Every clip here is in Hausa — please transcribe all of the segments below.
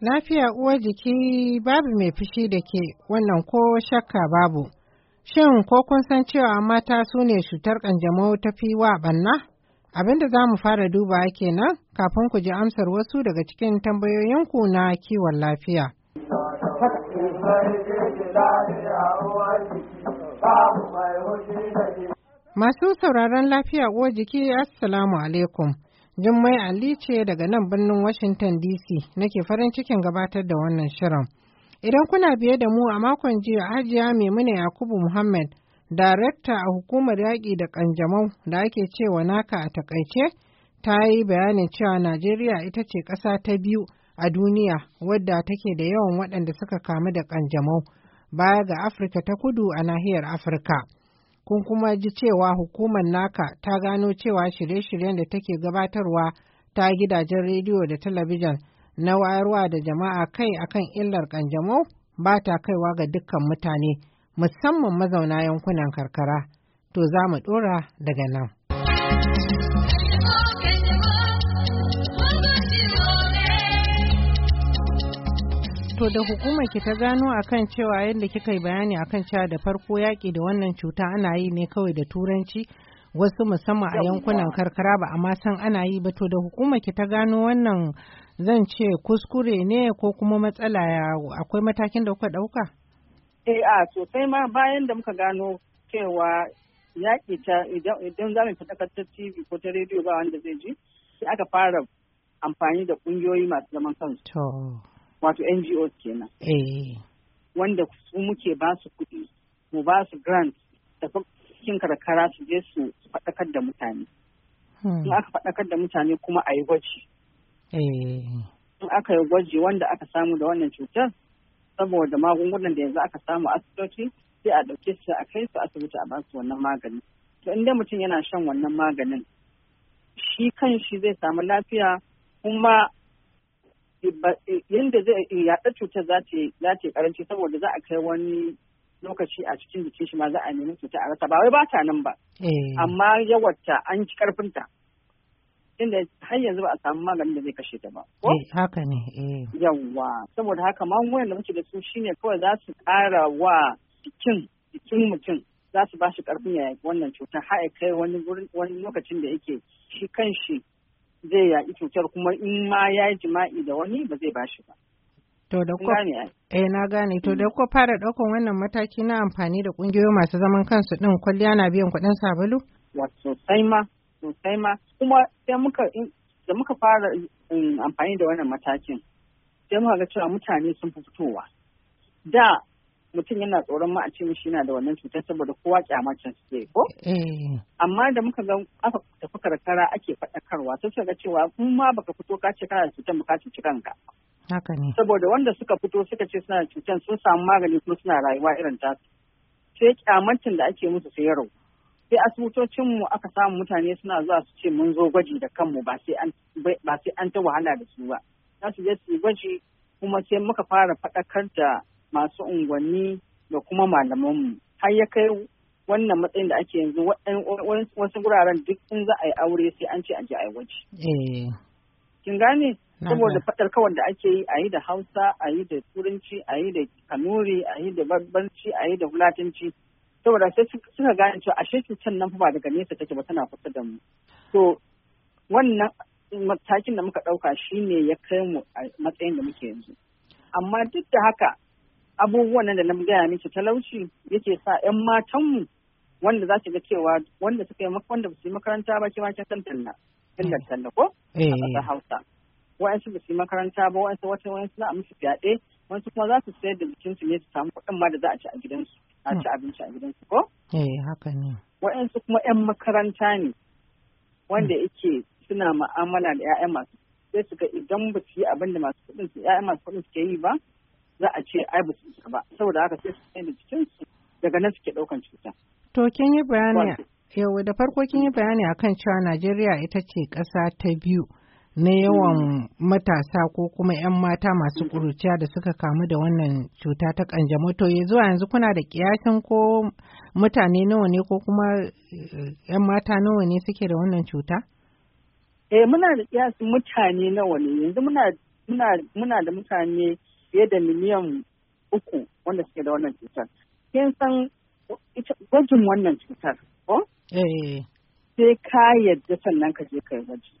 Lafiya uwar jiki babu mai fushi da ke wannan ko shakka babu. Shin ko kun san cewa mata su ne cutar ƙanjamau ta fi wa banna? Abinda za mu fara duba kenan kafin ku ji amsar wasu daga cikin tambayoyinku na kiwon lafiya. Babu mai da ke Masu sauraron lafiya uwa jiki Assalamu alaikum. Jummai Ali ce daga nan birnin Washington DC nake farin cikin gabatar da wannan shirin. Idan kuna biye da mu a makon jiya Hajiya Maimuna Yakubu Muhammad, darekta a hukumar yaƙi da ƙanjamau da ake cewa naka a takaice, ta yi bayanin cewa Najeriya ita ce ƙasa ta biyu a duniya wadda take da yawan waɗanda suka kamu da ƙanjamau baya ga Afirka ta kudu a nahiyar Afirka. kun kuma ji cewa hukumar naka ta gano cewa shirye-shiryen da take gabatarwa ta gidajen rediyo da talabijin na wayarwa da jama'a kai akan illar kanjamau ba ta kaiwa ga dukkan mutane musamman mazauna yankunan karkara to za mu dora daga nan. To da hukumar ki ta gano akan cewa yadda kika yi bayani akan cewa da farko yaƙi da wannan cuta ana yi ne kawai da turanci wasu musamman a yankunan karkara ba amma san ana yi ba to da hukumar ki ta gano wannan zan ce kuskure ne ko kuma matsala akwai matakin da kuka ɗauka? Eh a sosai ma bayan da muka gano cewa yaƙi ta idan za mu fita ta TV ko ta rediyo ba wanda zai ji sai aka fara amfani da ƙungiyoyi masu zaman kansu. wato NGOs kenan. Eh. Wanda su muke ba su kuɗi, mu ba su grant da cikin karkara su je su faɗakar da mutane. Hmm. In aka faɗakar da mutane kuma a yi gwaji. Eh. In aka yi gwaji wanda aka samu da wannan cutar, saboda magungunan da yanzu aka samu asibitoci sai a ɗauke su a kai su asibiti a basu wannan magani. To inda mutum yana shan wannan maganin, shi kan shi zai samu lafiya kuma Eh, yadda zai eh, yaɗa cutar za ta yi karanci saboda za a kai wani lokaci a cikin jikin shi ma za a nemi cuta a rasa ba wai ba ta nan ba eh. amma yawarta an ci karfinta inda har yanzu ba a samu maganin da zai kashe ta ba ko haka ne yawa saboda haka magungunan da muke da su shine kawai za su ƙara wa jikin jikin mutum za su ba shi karfin ya wannan cutar har kai wani wani lokacin da yake shi kan shi zai yaƙi cutar kuma in ma ya yi jima'i da wani ba zai bashi ba. To da ko eh na gane to da mm. ko fara ɗaukan wannan mataki na amfani da ƙungiyoyi masu zaman kansu ɗin kwalliya na biyan kuɗin sabulu? Wa sosai ma sosai ma kuma sai muka da muka fara um, amfani da wannan matakin sai muka ga cewa mutane sun fi fitowa. Da mutum yana tsoron ma a ce mishi yana da wannan cutar saboda kowa kyamacin suke ko eh. amma da muka ga aka tafi karkara ake faɗakarwa sai suka cewa kuma ma baka fito ka ce kana da cutar ba ka cuci kanka haka ne saboda wanda suka fito suka ce suna da cutar sun samu magani kuma suna rayuwa irin ta sai kyamacin da ake musu sai yaro sai asibitocin mu aka samu mutane suna zuwa su ce mun zo gwaji da kanmu ba sai an ba ta wahala da su ba za su je su gwaji kuma sai muka fara faɗakar da masu unguwanni da kuma malamanmu har ya kai wannan matsayin da ake yanzu wasu guraren duk in za a yi aure sai an ce a ji a eh. Kin gane? Saboda faɗar kawar da ake yi a yi da Hausa, a yi da Turanci, a yi da Kanuri, a yi da Barbarci, a yi da Fulatanci. Saboda sai suka gane cewa ashe cutar nan ba daga nesa take ba tana kusa da mu. To wannan matakin da muka ɗauka shine ya kai mu a matsayin da muke yanzu. Amma duk da haka abubuwan da na gaya miki talauci yake sa 'yan matanmu wanda za ki ga cewa wanda suka yi wanda su yi makaranta ba kima kin san talla illar talla ko a Hausa wa'ansu ba su yi makaranta ba eh, eh. wa'ansu wata wa'ansu za a musu fyaɗe wasu kuma za su sayar da bikin su ne su samu kuɗin ma da za a ci a gidansu a ci abinci a gidansu ko eh haka ne wa'ansu kuma 'yan makaranta ne wanda yake suna ma'amala da 'ya'ya masu sai su ga idan ba su yi abin da masu kuɗin su 'ya'ya masu kuɗin suke yi ba za a ce ai ba su ba saboda haka sai su da cikin su daga nan suke ɗaukan cuta. To kin yi bayani yau da farko kin yi bayani akan cewa Najeriya ita ce ƙasa ta biyu na hmm. yawan matasa ko kuma 'yan mata masu hmm. ƙuruciya da suka kamu da wannan cuta ta kanjamau to zuwa yanzu kuna da kiyashin ko mutane nawa ne ko kuma 'yan eh, mata nawa ne suke da wannan cuta? Eh muna da kiyashin mutane nawa ne yanzu muna da mutane fiye da miliyan uku wanda suke da wannan cutar. Kin san gwajin wannan cutar, ko? Eh. Sai ka yadda sannan ka je ka yi gwaji.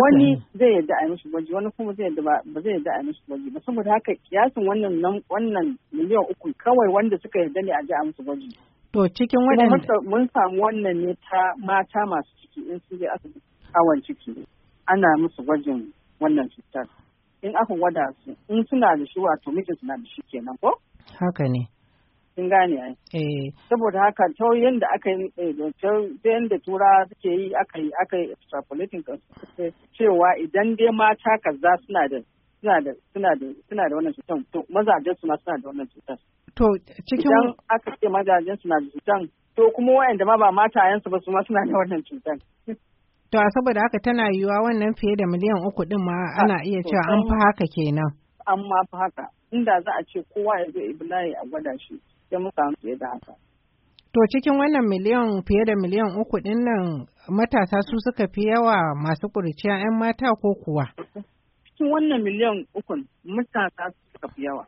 Wani zai yadda a yi mishi gwaji, wani kuma zai yadda ba zai yadda a yi mishi gwaji ba. Saboda haka kiyasin wannan wannan miliyan uku kawai wanda suka yarda ne a je a musu gwaji. To cikin waɗanda. Mun samu wannan ne ta mata masu ciki in su je asibiti awon ciki. Ana musu gwajin wannan cutar. in aka gwada su in suna da shi wato mijin suna da shi kenan ko haka ne kin gane ai eh saboda haka ta yanda aka yi eh, ta yanda tura suke yi aka yi aka yi extrapolating cewa idan dai mata kaza suna da suna da suna da suna da wannan cutan to mazajen su ma suna da wannan cutan to cikin idan aka ce mazajen suna da cutan to kuma wayanda ma ba matayensu ba su ma suna da wannan cutan To a saboda haka tana yiwuwa wannan fiye da miliyan uku din ma ah, ana iya cewa an fi haka kenan. An ma fi haka inda za a ce kowa ya zo Iblayi a gwada shi ya musa samu fiye da haka. To cikin wannan miliyan fiye da miliyan uku din nan matasa su suka fi yawa masu ƙuriciya 'yan mata ko kuwa? Cikin wannan miliyan ukun matasa su suka fi yawa.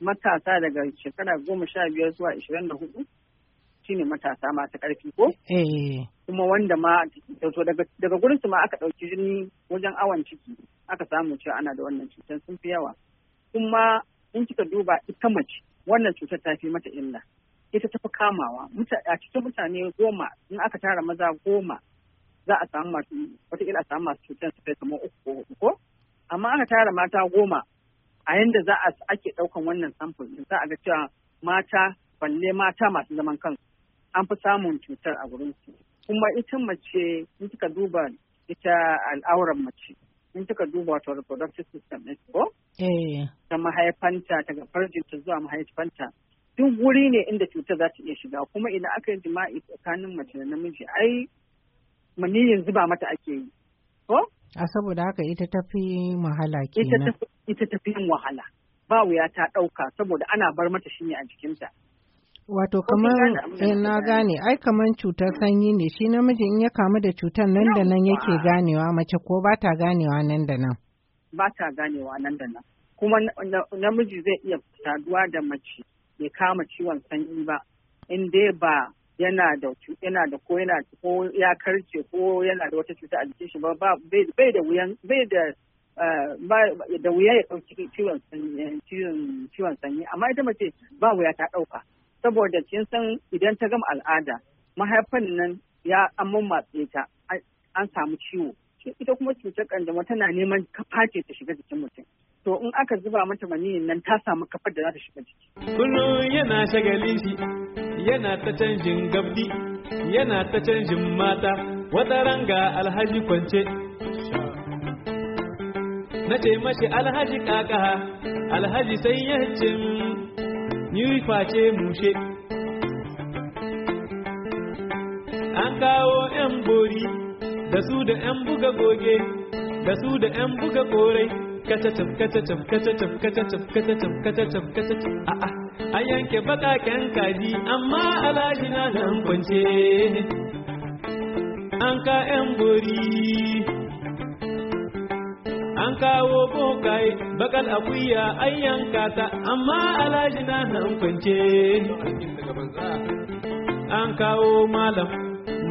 Matasa daga shekara goma sha biyar zuwa ishirin da hudu Shi ne matasa masu ƙarfi ko? Eh. Kuma wanda ma daga gurin su ma aka ɗauki jini wajen awon ciki aka samu cewa ana da wannan cutar sun fi yawa. Kuma in kika duba ita mace wannan cutar ta fi mata illa. Ita ta fi kamawa a cikin mutane goma in aka tara maza goma za a samu masu wataƙila a samu masu cutar su kai kamar uku ko hudu ko? Amma aka tara mata goma a yanda za a ake ɗaukan wannan samfur za a ga cewa mata balle mata masu zaman kansu an fi samun cutar a su kuma ita mace in suka duba ita al'auran mace in suka duba wato reproductive system ne ko eh. ta mahaifanta daga farjinta zuwa mahaifanta duk wuri ne inda cutar za ta iya shiga kuma idan aka yi jima'i tsakanin mace da namiji ai maniyin zuba mata ake yi ko a saboda haka ita tafi wahala kenan ita tafi yin wahala ba wuya ta ɗauka saboda ana bar mata shi ne a jikinta Wato kamar eh, na gane, ai kamar cutar sanyi ne shi namiji in ya kamu da cutar nan da nan yake ganewa mace ko ba ta ganewa nan da nan. Ba ta ganewa nan da nan. Kuma namiji zai iya saduwa da mace ya kama ciwon sanyi ba in dai ba yana da yana da ko yana ko ya karce ko yana da wata cuta a jikin shi ba bai da wuyan bai da eh, da wuya ya ɗauki eh, ciwon sanyi amma ita mace ba wuya ta ɗauka saboda kin san idan ta gama al'ada mahaifan nan ya an mammatse ta an samu ciwo ita kuma cutar kanjamau tana neman kafa ta shiga jikin mutum to in aka zuba mata maniyin nan ta samu kafar da za ta shiga jiki kullum yana shagali shi yana ta canjin gabdi yana ta canjin mata wata ranga alhaji kwance na ce mashi alhaji kaka alhaji sai ya ni face mushe an kawo 'yan bori da su da 'yan buga goge da su da 'yan buga korai kacacin kacacin kacacin kacacin kacacin kacacin kacacin a'a an yanke bakaken kaji amma alaji na nan kwance an ka 'yan bori an kawo bokaye bakal akuya an yanka ta amma alhaji na nan kwance an kawo malam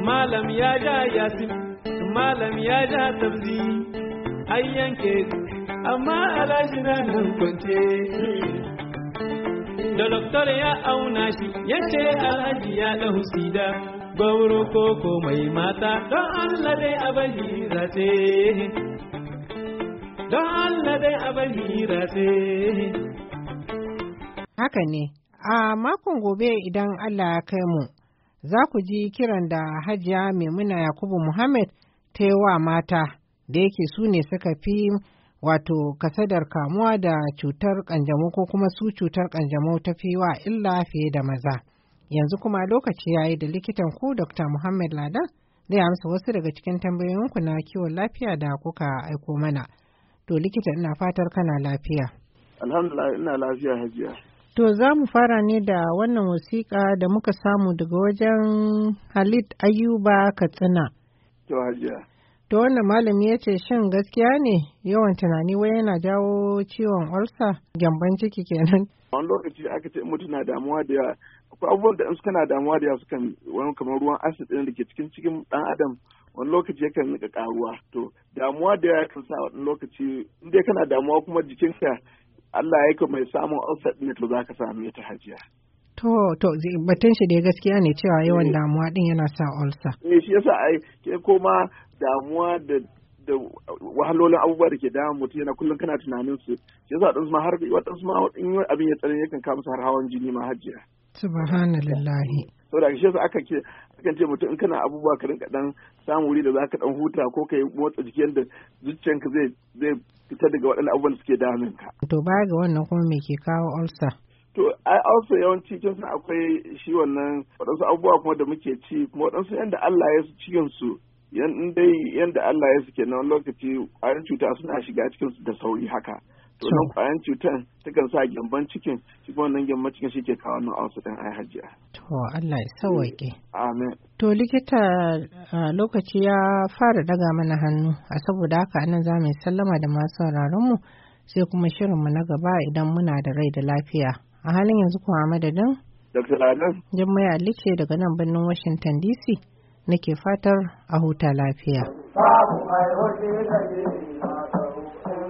malam ya ja yasin malam ya ja tabzi an yanke amma alhaji na nan kwance da doktor ya auna shi ya ce alhaji ya ɗau sida gauro koko mai mata don allah dai a bari zace Haka ne, a makon gobe idan Allah ya kai mu, za ku ji kiran da hajiya Maimuna Yakubu Muhammad ta wa mata da yake su ne suka fi wato kasadar kamuwa da cutar kanjamau ko kuma su cutar kanjamau ta fi wa illa fiye da maza. Yanzu kuma lokaci ya yi da likitan ku Dr. Muhammad Ladan zai amsa wasu daga cikin tambayoyinku na kiwon lafiya da kuka aiko mana. To likita ina fatar kana lafiya. Alhamdulillah ina lafiya hajiya. To za mu fara ne da wannan wasiƙa da muka samu daga wajen Halit Ayuba Katsina. To hajiya. To wannan malami ya ce shin gaskiya ne yawan tunani wai yana jawo ciwon olsa gyamban ciki kenan. Wani lokaci aka ce mutum na damuwa da yawa akwai abubuwan da in suka na damuwa da yawa sukan wani kamar ruwan acid ɗin da ke cikin cikin ɗan adam wani lokaci yakan nika karuwa to damuwa da ya kan sa wani lokaci in dai kana damuwa kuma jikinka Allah ya yi mai samun ulcer din to zaka samu ta hajiya To, to, batun shi dai gaskiya ne cewa yawan eh. damuwa din yana sa ulcer. Ne shi yasa ai ke koma damuwa da da wahalolin abubuwa da ke damun mutum yana kullum kana tunanin su shi yasa dan ma har wadansu ma in abin ya tsare yakan kawo su har hawan jini ma hajiya. Subhanallahi. saboda shi yasa aka ce akan ce mutum in kana abubuwa ka rinka dan samu wuri da zaka dan huta ko ka yi motsa jiki yadda zuciyanka zai zai fita daga waɗannan abubuwan da suke damun ka to baya ga wannan kuma me ke kawo ulcer to ai ulcer yawanci kin san akwai shi wannan waɗansu abubuwa kuma da muke ci kuma waɗansu yanda Allah ya su cikin su yan dai yanda Allah ya suke na wani lokaci ƙwayar cuta suna shiga cikin su da sauri haka to nan kwayan cutan kan sa gyamban cikin shi wannan gyamban cikin shi ke kawo nan ausu ɗin ai hajiya. to Allah ya sauke amin. to likita lokaci ya fara daga mana hannu a saboda haka nan za mu sallama da masu mu sai kuma shirin mu na gaba idan muna da rai da lafiya a halin yanzu kuma madadin. Dr. Ladan. Jummai Alice daga nan birnin Washington DC nake fatar a huta lafiya. Babu